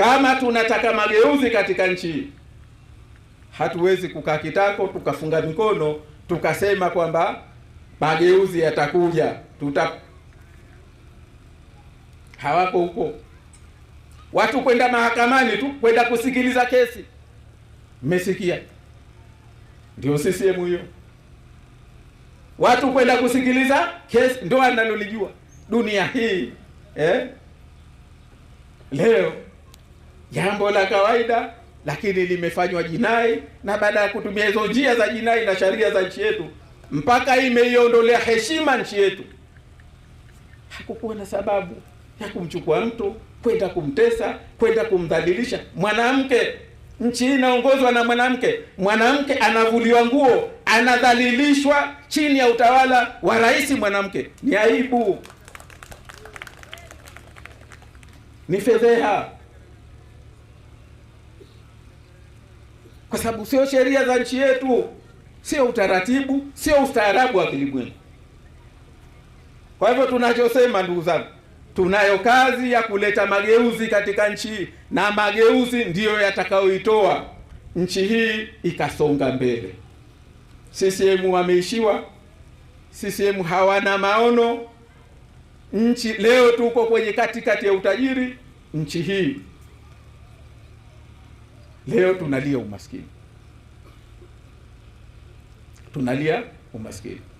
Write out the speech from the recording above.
Kama tunataka mageuzi katika nchi hii, hatuwezi kukaa kitako tukafunga mikono tukasema kwamba mageuzi yatakuja, tuta hawako huko watu kwenda mahakamani tu kwenda kusikiliza kesi. Mmesikia? Ndio CCM hiyo, watu kwenda kusikiliza kesi, ndio analolijua dunia hii eh? Leo jambo la kawaida, lakini limefanywa jinai, na baada ya kutumia hizo njia za jinai na sharia za nchi yetu mpaka imeiondolea heshima nchi yetu. Hakukuwa na sababu ya kumchukua mtu kwenda kumtesa, kwenda kumdhalilisha mwanamke. Nchi inaongozwa na mwanamke, mwanamke anavuliwa nguo, anadhalilishwa chini ya utawala wa rais mwanamke. Ni aibu, ni fedheha. kwa sababu sio sheria za nchi yetu, sio utaratibu, sio ustaarabu wa kilimwengu. Kwa hivyo tunachosema, ndugu zangu, tunayo kazi ya kuleta mageuzi katika nchi hii, na mageuzi ndiyo yatakayoitoa nchi hii ikasonga mbele. CCM wameishiwa, CCM hawana maono. Nchi leo tuko kwenye katikati ya utajiri, nchi hii Leo tunalia umaskini, tunalia umaskini.